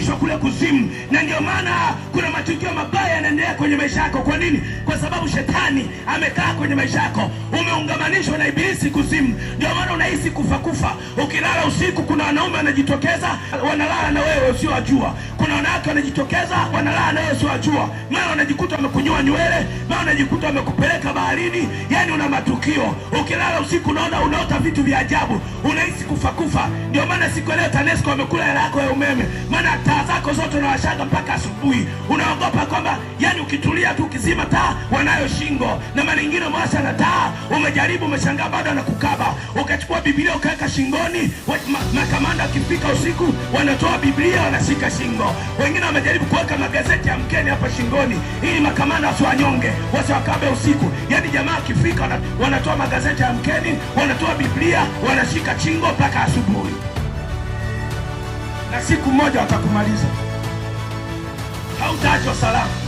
kuhamishwa kule kuzimu, na ndio maana kuna matukio mabaya yanaendelea kwenye maisha yako. Kwa nini? Kwa sababu shetani amekaa kwenye maisha yako, umeungamanishwa na ibilisi kuzimu, ndio maana unahisi kufa kufa. Ukilala usiku, kuna wanaume wanajitokeza wanalala na wewe usiowajua, kuna wanawake wanajitokeza wanalala na wewe usiowajua, mara wanajikuta wamekunyoa nywele, mara wanajikuta wamekupeleka baharini. Yani una matukio. Ukilala usiku, unaona unaota vitu vya ajabu, unahisi kufa kufa. Ndio maana siku leo TANESCO wamekula hela yako ya umeme, maana taa zako zote unawashaga mpaka asubuhi, unaogopa kwamba yani ukitulia tu, ukizima taa wanayo shingo, na mara nyingine mwasha na taa, umejaribu umeshanga kamanda bado anakukaba, ukachukua Biblia ukaweka shingoni. Makamanda wakifika usiku wanatoa Biblia wanashika shingo. Wengine wamejaribu kuweka magazeti ya mkeni hapa shingoni ili makamanda wasiwanyonge, wasiwakabe usiku. yani jamaa akifika wanatoa magazeti ya mkeni, wanatoa Biblia wanashika chingo mpaka asubuhi, na siku moja watakumaliza, hautacho salama.